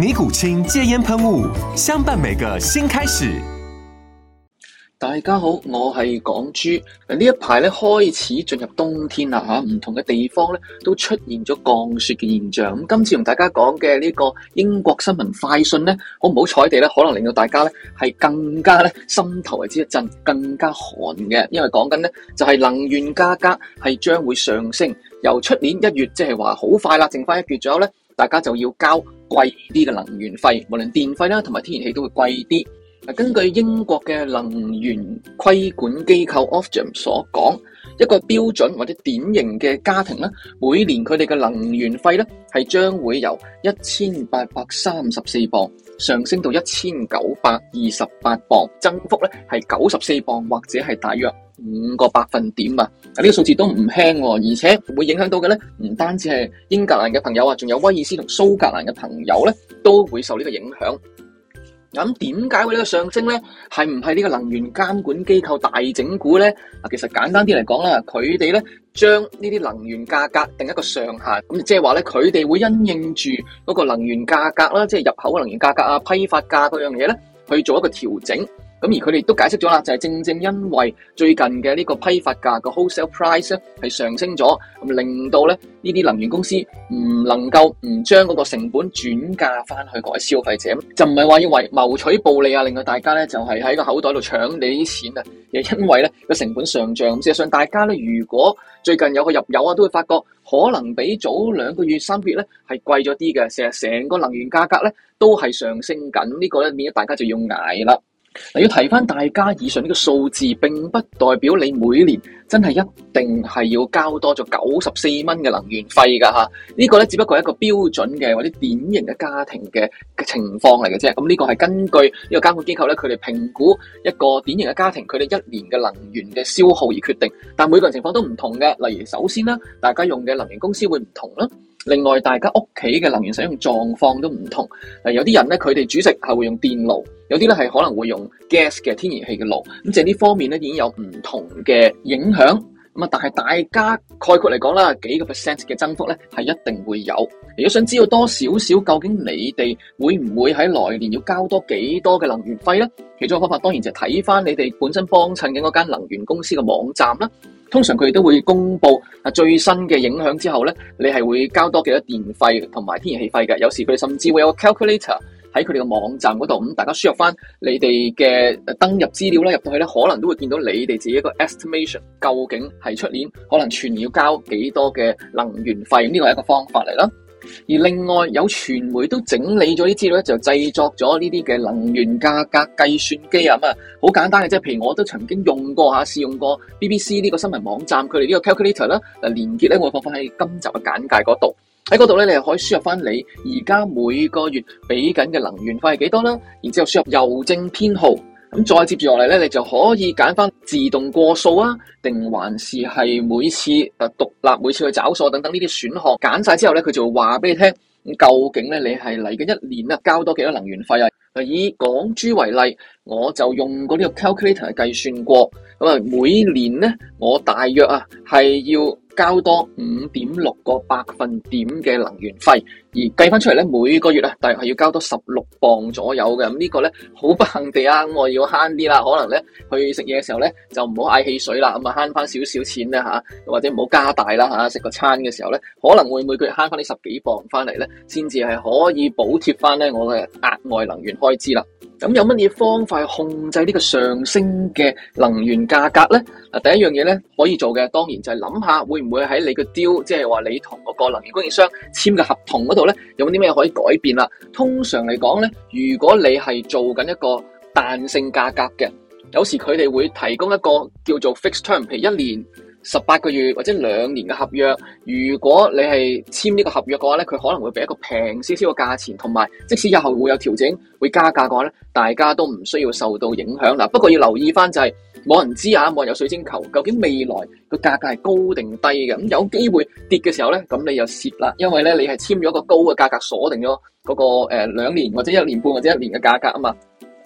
尼古清戒煙噴霧，相伴每個新開始。大家好，我係港豬。誒，呢一排咧開始進入冬天啦，吓、啊、唔同嘅地方咧都出現咗降雪嘅現象。咁今次同大家講嘅呢個英國新聞快訊咧，好唔好彩地咧，可能令到大家咧係更加咧心頭為之一震，更加寒嘅，因為講緊咧就係、是、能源價格係將會上升，由出年一月即係話好快啦，剩翻一月左右咧，大家就要交。貴啲嘅能源費，無論電費啦同埋天然氣都會貴啲。嗱，根據英國嘅能源規管機構 Ofgem 所講，一個標準或者典型嘅家庭咧，每年佢哋嘅能源費咧係將會由一千八百三十四磅上升到一千九百二十八磅，增幅咧係九十四磅，或者係大約五個百分點啊！啊，呢個數字都唔輕，而且會影響到嘅咧，唔單止係英格蘭嘅朋友啊，仲有威爾斯同蘇格蘭嘅朋友咧，都會受呢個影響。咁點解會呢個上升咧？係唔係呢個能源監管機構大整蠱咧？嗱，其實簡單啲嚟講啦，佢哋咧將呢啲能源價格定一個上限，咁即係話咧佢哋會因應住嗰個能源價格啦，即係入口嘅能源價格啊、批發價嗰樣嘢咧，去做一個調整。咁而佢哋都解釋咗啦，就係、是、正正因為最近嘅呢個批發價個 wholesale price 咧係上升咗，咁令到咧呢啲能源公司唔能夠唔將嗰個成本轉嫁返去各位消費者，就唔係話因為謀取暴利啊，令到大家咧就係喺個口袋度搶你啲錢啊。而係因為咧個成本上漲，事實上，大家咧，如果最近有個入油啊，都會發覺可能比早兩個月、三個月咧係貴咗啲嘅。成成個能源價格咧都係上升緊，這個、呢個咧變大家就要捱啦。嗱，要提翻大家，以上呢個數字並不代表你每年真係一定係要交多咗九十四蚊嘅能源費噶吓。呢個咧只不過係一個標準嘅或者典型嘅家庭嘅情況嚟嘅啫。咁呢個係根據呢個監管機構咧，佢哋評估一個典型嘅家庭佢哋一年嘅能源嘅消耗而決定。但每個人情況都唔同嘅，例如首先啦，大家用嘅能源公司會唔同啦。另外，大家屋企嘅能源使用狀況都唔同，誒有啲人咧佢哋煮食係會用電爐，有啲咧係可能會用 gas 嘅天然氣嘅爐，咁即係呢方面咧已經有唔同嘅影響。但係大家概括嚟講啦，幾個 percent 嘅增幅咧，係一定會有。如果想知道多少少，究竟你哋會唔會喺來年要交多幾多嘅能源費咧？其中一個方法當然就睇翻你哋本身幫襯嘅嗰間能源公司嘅網站啦。通常佢哋都會公布啊最新嘅影響之後咧，你係會交多幾多電費同埋天然氣費嘅。有時佢哋甚至會有個 calculator。喺佢哋嘅網站嗰度，咁大家輸入翻你哋嘅登入資料啦，入到去咧，可能都會見到你哋自己一個 estimation，究竟係出年可能全年要交幾多嘅能源費？呢個係一個方法嚟啦。而另外有傳媒都整理咗啲資料咧，就製作咗呢啲嘅能源價格計算機啊咁啊，好簡單嘅啫。譬如我都曾經用過吓，試用過 BBC 呢個新聞網站佢哋呢個 calculator 啦，嗱，連結咧，我會放返喺今集嘅簡介嗰度。喺嗰度咧，你又可以輸入翻你而家每個月俾緊嘅能源費係幾多啦，然之後輸入郵政編號，咁再接住落嚟咧，你就可以揀翻自動過數啊，定還是係每次啊獨立每次去找數等等呢啲選項，揀晒之後咧，佢就會話俾你聽，咁究竟咧你係嚟緊一年啊交多幾多能源費啊？以港豬為例，我就用嗰啲嘅 calculator 計算過，咁啊每年咧我大約啊係要。交多五點六個百分點嘅能源費，而計翻出嚟咧，每個月啊，大約係要交多十六磅左右嘅。咁呢個咧，好不幸地啊，咁我要慳啲啦，可能咧去食嘢嘅時候咧，就唔好嗌汽水啦，咁啊慳翻少少錢啦吓，或者唔好加大啦吓，食個餐嘅時候咧，可能會每個月慳翻呢十幾磅翻嚟咧，先至係可以補貼翻咧我嘅額外能源開支啦。咁有乜嘢方法控制呢個上升嘅能源價格呢？嗱，第一樣嘢呢可以做嘅，當然就係諗下會唔會喺你個 deal，即係話你同嗰個能源供應商簽嘅合同嗰度呢，有啲咩可以改變啦。通常嚟講呢，如果你係做緊一個彈性價格嘅，有時佢哋會提供一個叫做 fixed term，譬如一年。十八個月或者兩年嘅合約，如果你係簽呢個合約嘅話呢，佢可能會俾一個平少少嘅價錢，同埋即使日後會有調整會加價嘅話呢，大家都唔需要受到影響啦。不過要留意返就係、是、冇人知啊，冇人有水晶球，究竟未來個價格係高定低嘅？咁有機會跌嘅時候呢，咁你又蝕啦，因為呢，你係簽咗一個高嘅價格鎖定咗嗰、嗰個誒兩、呃、年或者一年半或者一年嘅價格啊嘛。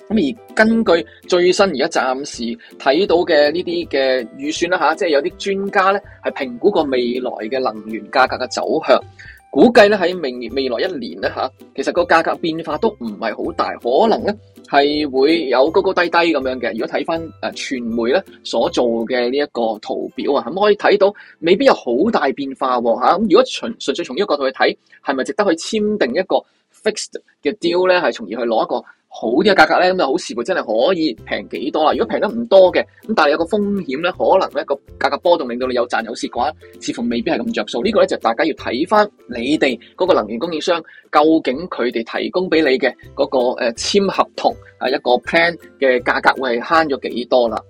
咁而根據最新而家暫時睇到嘅呢啲嘅預算啦，嚇即係有啲專家咧係評估過未來嘅能源價格嘅走向，估計咧喺明年未來一年咧嚇其實個價格變化都唔係好大，可能咧係會有高高低低咁樣嘅。如果睇翻誒傳媒咧所做嘅呢一個圖表啊，咁可以睇到未必有好大變化喎嚇咁如果純純，純粹從呢個角度去睇，係咪值得去簽訂一個 fixed 嘅 deal 咧？係從而去攞一個？好啲嘅價格咧，咁就好似喎，真係可以平幾多啦。如果平得唔多嘅，咁但係有個風險咧，可能呢個價格波動令到你有賺有蝕嘅話，似乎未必係咁着數。呢個、呢個咧就、大家要睇翻你哋嗰個能源供應商究竟佢哋提供俾你嘅嗰、嗰個、呃、簽合同啊一個 plan 嘅價格會係慳咗幾多啦。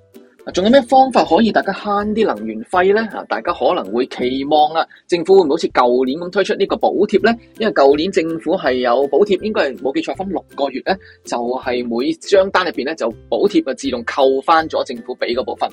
仲有咩方法可以大家慳啲能源費咧？啊，大家可能會期望啦，政府會唔會好似舊年咁推出呢個補貼咧？因為舊年政府係有補貼，應該係冇記錯，分六個月咧，就係、是、每張單入邊咧就補貼啊自動扣翻咗政府俾嗰部分。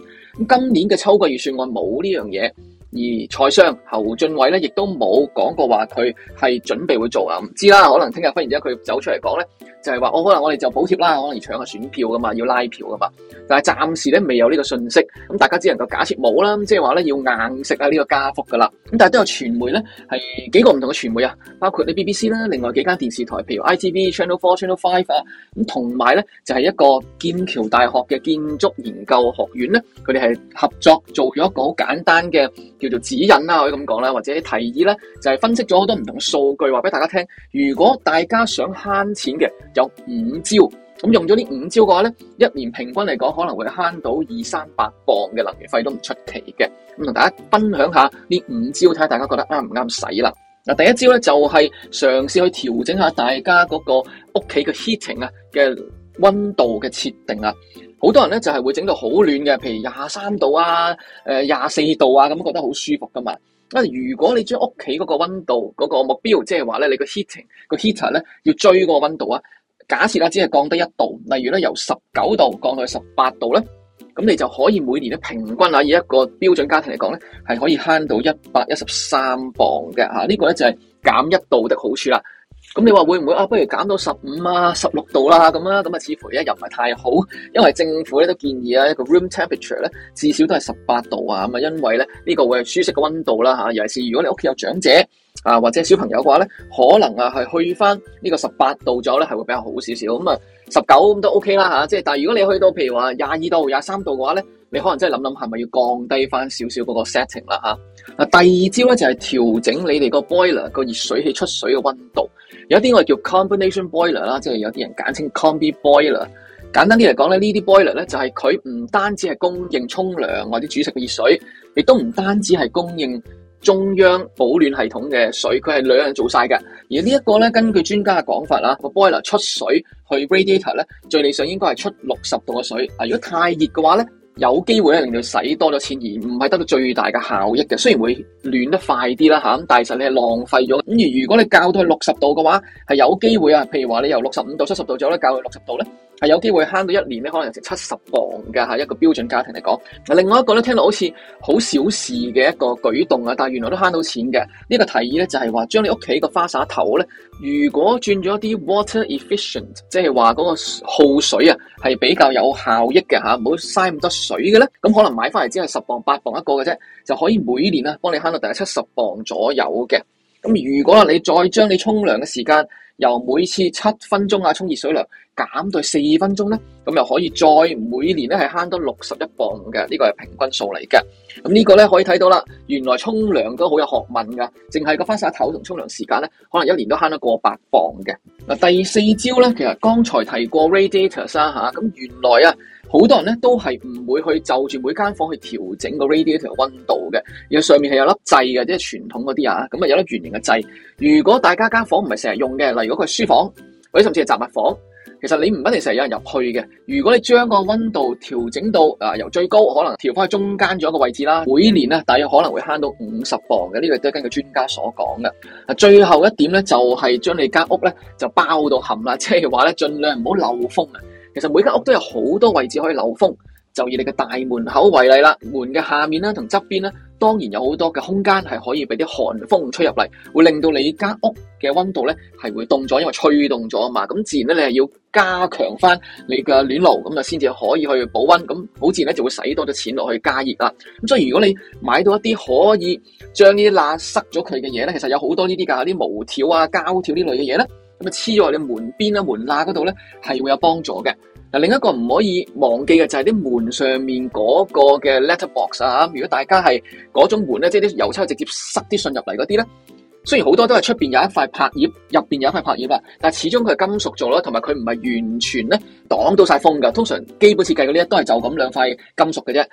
咁今年嘅秋季預算案冇呢樣嘢。而財相侯俊偉咧，亦都冇講過話佢係準備會做啊！唔知啦，可能聽日忽然之間佢走出嚟講咧，就係話：哦，可能我哋就補貼啦，可能搶下選票噶嘛，要拉票噶嘛。但係暫時咧未有呢個信息，咁大家只能夠假設冇啦。即係話咧，要硬食啊呢個加幅噶啦。咁但係都有傳媒咧，係幾個唔同嘅傳媒啊，包括你 BBC 啦，另外幾間電視台，譬如 ITV Channel Four、Channel Five 啊，咁同埋咧就係一個劍橋大學嘅建築研究學院咧，佢哋係合作做咗一個好簡單嘅。叫做指引啦，可以咁講啦，或者提議咧，就係分析咗好多唔同數據，話俾大家聽。如果大家想慳錢嘅，有五招。咁用咗呢五招嘅話咧，一年平均嚟講，可能會慳到二三百磅嘅能源費都唔出奇嘅。咁同大家分享下呢五招，睇下大家覺得啱唔啱使啦。嗱，第一招咧就係嘗試去調整下大家嗰個屋企嘅 heating 啊嘅溫度嘅設定啊。好多人咧就係、是、會整到好暖嘅，譬如廿三度啊，誒廿四度啊，咁覺得好舒服噶嘛。啊，如果你將屋企嗰個溫度嗰，那個目標，即係話咧，你個 heating 個 heater 咧要追個溫度啊，假設啦只係降低一度，例如咧由十九度降去十八度咧，咁你就可以每年咧平均啊，以一個標準家庭嚟講咧，係可以慳到一百一十三磅嘅吓。呢，啊這個咧就係減一度的好處啦。咁你話會唔會啊？不如減到十五啊、十六度啦咁啊，咁啊似乎又唔係太好，因為政府咧都建議啊，一個 room temperature 咧至少都係十八度啊咁啊，因為咧呢個會係舒適嘅溫度啦吓，尤其是如果你屋企有長者啊或者小朋友嘅話咧，可能啊係去翻呢個十八度咗咧係會比較好少少，咁啊十九咁都 OK 啦吓，即係但係如果你去到譬如話廿二度、廿三度嘅話咧，你可能真係諗諗係咪要降低翻少少嗰個 setting 啦吓。啊，第二招咧就係調整你哋個 boiler 個熱水器出水嘅溫度。有啲我叫 combination boiler 啦，即係有啲人簡稱 combi boiler。簡單啲嚟講咧，呢啲 boiler 咧就係佢唔單止係供應沖涼或者煮食嘅熱水，亦都唔單止係供應中央保暖系統嘅水，佢係兩樣做晒嘅。而呢一個咧，根據專家嘅講法啦，個 boiler 出水去 radiator 咧，最理想應該係出六十度嘅水。啊，如果太熱嘅話咧。有機會令到使多咗錢而唔係得到最大嘅效益嘅，雖然會暖得快啲啦嚇，咁但係其實你係浪費咗。咁而如果你教到去六十度嘅話，係有機會啊，譬如話你由六十五度七十度左右，教去六十度咧。係有機會慳到一年咧，可能有成七十磅嘅嚇，一個標準家庭嚟講。嗱，另外一個咧，聽到好似好小事嘅一個舉動啊，但係原來都慳到錢嘅。呢個提議咧就係話，將你屋企個花灑頭咧，如果轉咗啲 water efficient，即係話嗰個耗水啊，係比較有效益嘅嚇，唔好嘥咁多水嘅咧。咁可能買翻嚟只係十磅八磅一個嘅啫，就可以每年啊幫你慳到大概七十磅左右嘅。咁如果你再將你沖涼嘅時間由每次七分鐘啊，沖熱水涼減到四分鐘咧，咁又可以再每年咧係慳多六十一磅嘅，呢個係平均數嚟嘅。咁呢個咧可以睇到啦，原來沖涼都好有學問㗎，淨係個花灑頭同沖涼時間咧，可能一年都慳得過百磅嘅。嗱，第四招咧，其實剛才提過 radiator 啦、啊、嚇，咁原來啊。好多人咧都係唔會去就住每間房去調整個 radiator 溫度嘅，而上面係有粒掣嘅，即係傳統嗰啲啊，咁啊有粒圓形嘅掣。如果大家間房唔係成日用嘅，例如嗰個書房或者甚至係雜物房，其實你唔一定成日有人入去嘅。如果你將個溫度調整到啊由最高可能調翻去中間咗個位置啦，每年咧大約可能會慳到五十磅嘅，呢個都係根據專家所講嘅。啊，最後一點咧就係將你間屋咧就包到冚啦，即係話咧盡量唔好漏風啊。其實每間屋都有好多位置可以漏風，就以你嘅大門口為例啦，門嘅下面啦，同側邊咧，當然有好多嘅空間係可以俾啲寒風吹入嚟，會令到你間屋嘅温度咧係會凍咗，因為吹凍咗啊嘛。咁自然咧，你係要加強翻你嘅暖爐，咁就先至可以去保温。咁好自然咧，就會使多咗錢落去加熱啦。咁所以如果你買到一啲可以將呢啲罅塞咗佢嘅嘢咧，其實有好多呢啲噶，啲毛條啊、膠條呢類嘅嘢咧。咁啊黐咗喺你門邊啦、門罅嗰度咧，係會有幫助嘅。嗱，另一個唔可以忘記嘅就係、是、啲門上面嗰個嘅 letter box 啊。如果大家係嗰種門咧，即係啲郵差直接塞啲信入嚟嗰啲咧。雖然好多都係出邊有一塊拍葉，入邊有一塊拍葉啦，但係始終佢係金屬做啦，同埋佢唔係完全咧擋到晒風噶。通常基本設計嗰啲咧都係就咁兩塊金屬嘅啫。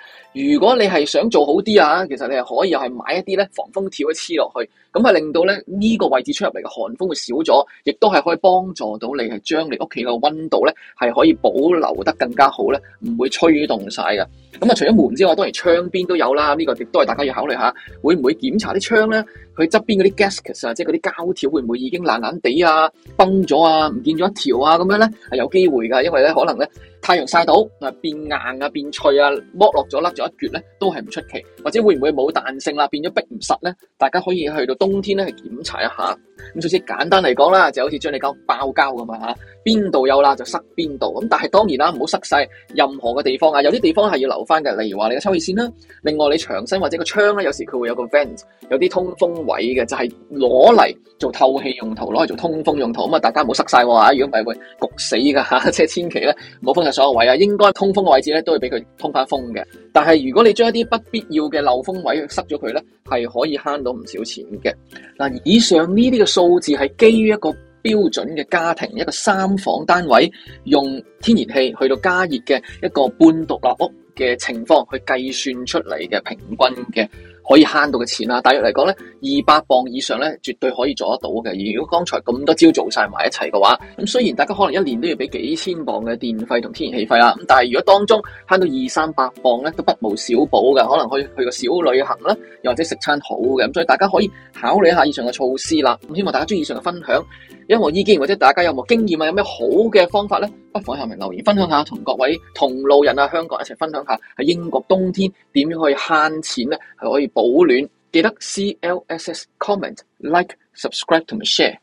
如果你係想做好啲啊，其實你係可以係買一啲咧防風條一黐落去，咁啊令到咧呢個位置出入嚟嘅寒風會少咗，亦都係可以幫助到你係將你屋企嘅溫度咧係可以保留得更加好咧，唔會吹動晒噶。咁啊，除咗門之外，當然窗邊都有啦，呢個亦都係大家要考慮下，會唔會檢查啲窗咧？佢側邊嗰啲 gasket 啊，即係嗰啲膠條會唔會已經爛爛哋啊、崩咗啊、唔見咗一條啊咁樣咧？係有機會㗎，因為咧可能咧。太陽曬到啊，變硬啊，變脆啊，剝落咗，甩咗一橛咧，都係唔出奇，或者會唔會冇彈性啦變咗逼唔實咧？大家可以去到冬天咧去檢查一下。咁總之簡單嚟講啦，就好似將你搞爆膠咁啊吓，邊度有啦就塞邊度。咁但係當然啦，唔好塞晒任何嘅地方啊。有啲地方係要留翻嘅，例如話你嘅抽氣扇啦。另外你牆身或者個窗咧，有時佢會有個 vent 有啲通風位嘅，就係攞嚟做透氣用途，攞嚟做通風用途。咁啊，大家唔好塞晒啊，如果唔係會焗死噶吓，即係千祈咧冇封。所有位啊，應該通風嘅位置咧，都會俾佢通返風嘅。但係如果你將一啲不必要嘅漏風位塞咗佢咧，係可以慳到唔少錢嘅。嗱，以上呢啲嘅數字係基於一個標準嘅家庭，一個三房單位用天然氣去到加熱嘅一個半獨立屋嘅情況去計算出嚟嘅平均嘅。可以慳到嘅錢啦，大約嚟講呢二百磅以上呢絕對可以做得到嘅。而如果剛才咁多招做晒埋一齊嘅話，咁雖然大家可能一年都要俾幾千磅嘅電費同天然氣費啦，咁但係如果當中慳到二三百磅呢，都不無小補嘅，可能可以去個小旅行啦，又或者食餐好嘅咁，所以大家可以考慮一下以上嘅措施啦。咁希望大家中意以上嘅分享，有冇意見或者大家有冇經驗啊，有咩好嘅方法呢？不妨下面留言分享下，同各位同路人啊，香港一齊分享下喺英國冬天點樣可以慳錢咧，係可以保暖。記得 CLSS comment like subscribe to share。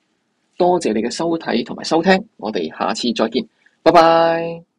多謝你嘅收睇同埋收聽，我哋下次再見，拜拜。